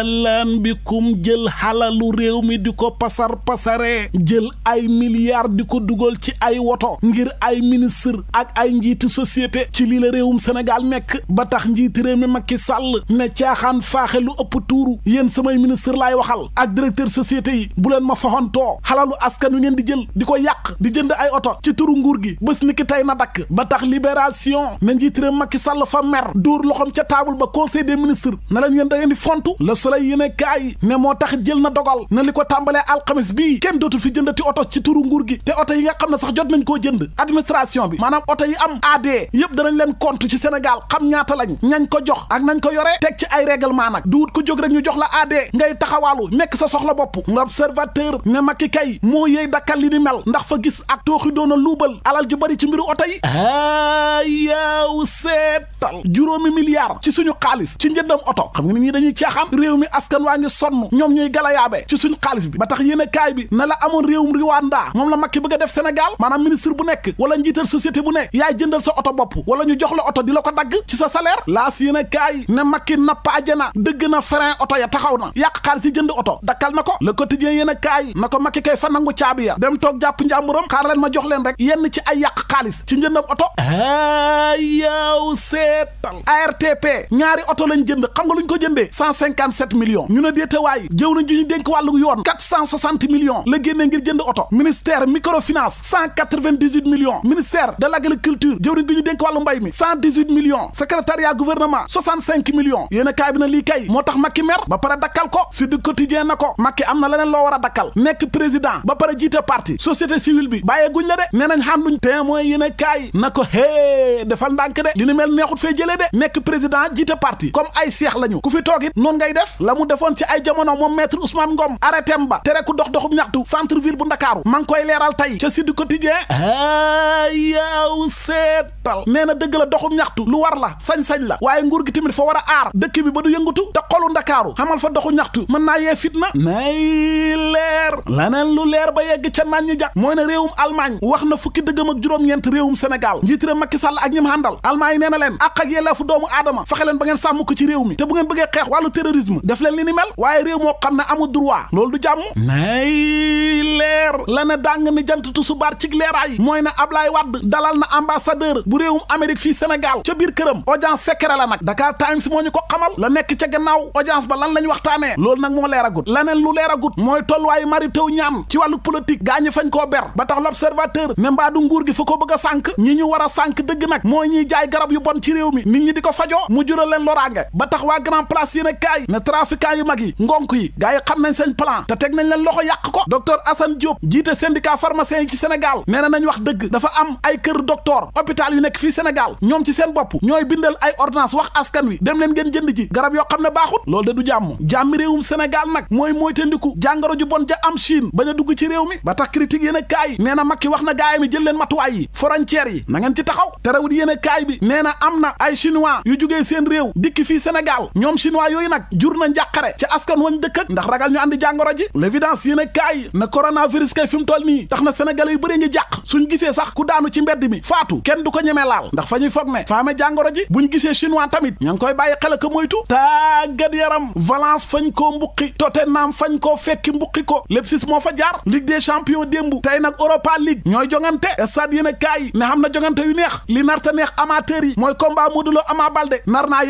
ahlan bikum jël xalalu réew mi di ko pasar pasaree jël ay milliards di ko dugal ci ay woto ngir ay ministre ak ay njiiti société ci lii la réewum Sénégal nekk ba tax njiiti réew mi Macky Sall ne caaxaan faaxe lu ëpp tuuru yéen samay ministre laay waxal ak directeur société yi bu leen ma faxantoo xalalu askan wi ngeen di jël di ko yàq di jënd ay oto ci turu nguur gi bés ni ki tey na dakk ba tax libération na njiiti réew Macky Sall fa mer dóor loxom ca taabul ba conseil des Soleil yéen a ne moo tax jël na dogal na li ko tàmbalee alxames bi kenn dootul fi jëndati oto ci turu nguur gi te oto yi nga xam ne sax jot nañ koo jënd administration bi maanaam oto yi am AD yëpp danañ leen compte ci Sénégal xam ñaata lañ ñañ ko jox ak nañ ko yoree teg ci ay règlement nag duut ko jóg rek ñu jox la AD ngay taxawaalu nekk sa soxla bopp l'observateur ne Macky kay moo yëy dakkal li ni mel ndax fa gis ak tooxi doon a luubal alal ju bari ci mbiru oto yi ayaw seetal juróomi milliard ci suñu xaalis ci njëndam oto xam réew mi askan waa ngi sonn ñoom ñuy galayaabe ci suñ xaalis bi ba tax yéen kaay bi na la amoon réewum Rwanda moom la Macky bëgg a def Sénégal maanaam ministre bu nekk wala njiital société bu ne yaay jëndal sa oto bopp wala ñu jox la oto di la ko dagg ci sa la laas yéen kaay ne Macky nappaaje na dëgg na frein oto ya taxaw na yàq xaalis yi jënd oto dakkal na ko le quotidien yéen kaay na ko Macky kay fa nangu caabi ya dem toog jàpp njàmburam xaar leen ma leen rek yenn ci yàq xaalis ci njëndam oto yow seetal ARTP ñaari oto lañ jënd xam nga luñ ko jëndee cent cinquante sept million ñu ne déetawaay jëw nañ ju ñu dénk wàllu yoon 460 millions la génnee ngir jënd oto ministère microfinance 198 millions ministère de l' agriculture jëw nañ ju ñu dénk wàllu mbay mi 118 millions secrétariat gouvernement 65 millions yéen a kaay bi na lii kay moo tax Macky mer ba pare dakkal ko si du quotidien na ko Macky am na leneen loo war a dakkal nekk président ba pare jiite parti société civile bi bàyyee guñ la de nee nañ xànduñ témoin yéen a kaay na ko hee defal ndànk de li ni mel neexut fee jëlee de nekk président jiite parti comme ay seex lañu ku fi toog it noonu ngay def la mu defoon ci ay jamono moom maître Ousmane Ngom arrêté ba tere dox doxum ñaxtu centre ville bu Ndakaaru man koy leeral tey ca Sud Quotidien ayaw ah, seetal nee na dëgg la doxum ñaxtu lu war la sañ-sañ la waaye nguur gi tamit fa war a aar dëkk bi ba du yëngatu te xolu Ndakaaru xamal fa doxu ñaxtu mën naa yee fitna nay leer laneen lu leer ba yegg ca naan ñi ja mooy ne réewum Allemagne wax na fukki dëggam ak juróom-ñeent réewum Sénégal njiit réew Macky Sall ak ñim àndal Allemagne nee na leen ak ak yelleefu doomu aadama fexe leen ba ngeen sàmm ko ci réew mi te bu ngeen xeex wàllu terrorisme def leen li ni mel waaye réew moo xam ne amul droit loolu du jàmm nay leer la na dàng ni jant tusubaar cig leeraay mooy na Ablaye Wade dalal na ambassadeur bu réewum Amérique fii Sénégal ca biir këram audience secret la nag Dakar Times moo ñu ko xamal la nekk ca gannaaw audience ba lan lañ waxtaanee loolu nag moo leer agut laneen lu leer agut mooy tolluwaayu mari taw ñaan ci wàllu politique gaa ñi fañ koo ber ba tax l'observateur ne mbaadu nguur gi fa ko bëgg a sànk ñu war a sànk dëgg nag mooy ñiy jaay garab yu bon ci réew mi nit ñi di ko fajoo mu jural leen loraange ba tax waa grand place trafiquants yu mag yi ngonk yi gars yi xam nañ te teg leen loxo yàq ko docteur Assane Diop jiite syndicat pharmacien yi ci Sénégal nee na wax dëgg dafa am ay kër docteur hôpital yu nekk fii Sénégal ñoom ci seen bopp ñooy bindal ay ordonnance wax askan wi dem leen ngeen jënd ji garab yoo xam ne baaxut loolu de du jàmm jàmmi réewum Sénégal nag mooy moytandiku jàngoro ju bon ja am Chine bañ a dugg ci réew mi ba tax critique yéen a kaay nee na Macky wax na gaay mi jël leen matuwaay yi frontières yi na ngeen ci taxaw terewul yéen a kaay bi nee na am na ay chinois yu jugee seen réew dikk fii Sénégal ñoom chinois yooyu nag jur na a njàqare ci askan wañ dëkk ak ndax ragal ñu àndi jàngoro ji l'évidence yéen a kaay na coronavirus kay fi mu toll nii tax na sénégalais yu bëri ngi jàq suñ gisee sax ku daanu ci mbedd mi faatu kenn du ko ñemee laal ndax fa ñuy foog ne faame jàngoro ji buñ gisee chinois tamit ña koy bàyyi xel ak moytu tàggat yaram Valence fañ koo mbuqi Tottenham fañ koo fekki mbuqi ko Leipzig moo fa jaar Ligue des champions démb tey nag Europa League ñooy jongante stade yéen a kaay na jongante yu neex li narta neex yi mooy combat Modou Lo Ama Baldé nar naa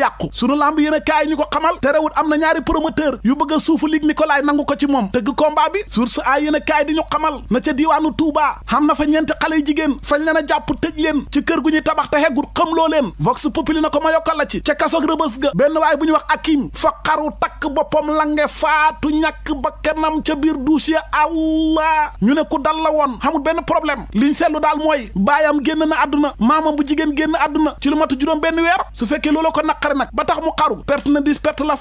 a ñaari promoteur yu bëgg a suufu Luc Nicolaï nangu ko ci moom tëgg combat bi source a yéen a kaay di ñu xamal na ca diiwaanu Touba xam na fa ñeenti xale yu jigéen fañ leen a jàpp tëj leen ci kër gu ñuy tabax te xeggul xam loo leen vox populi na ko ma yokkal la ci ca kasoog rëbës ga benn waaye bu ñu wax akim fa xaru takk boppam lange faatu ñàkk bakkanam ca biir douche ya allah ñu ne ku dal la woon xamul benn problème liñ seetlu daal mooy baayam génn na àdduna maamam bu jigéen génn àdduna ci lu matu juróom benn weer su fekkee loolu ko naqari nag tax mu xaru perte na dis perte la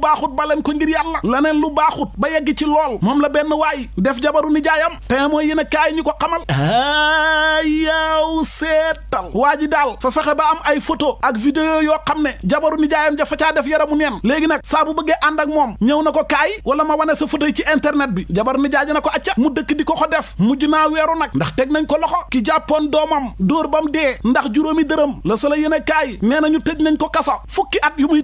baaxut ba leen ko ngir yàlla laneen lu baaxut ba yegg ci lool moom la benn waay def jabaru nijaayam te mooy yéen a ñu ko xamal a yaw seetal waa ji daal fa fexe ba am ay foto ak vidéo yoo xam ne jabaru nijaayam ja fa caa def mu neen léegi nag saa bu bëggee ànd ak moom ñëw na ko kaay wala ma wane sa photo yi ci internet bi jabaru nijaay ja na ko acca mu dëkk di ko ko def mujj naa weeru nag ndax teg nañ ko loxo ki jàppoon doomam dóor bam dee ndax juróomi dërëm la sala yéen a kaay nee nañu tëj nañ ko kaso fukki at yu muy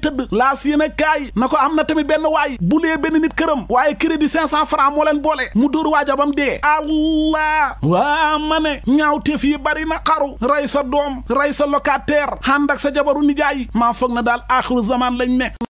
am na tamit benn waay bu lee benn nit këram waaye crédit cinq cent francs moo leen boole mu dóor waa bam dee allah waa ma ne ñaawteef yi bari na xaru rey sa doom rey sa locataire ànd ak sa jabaru nijaay maa foog na daal axiru zaman lañu ne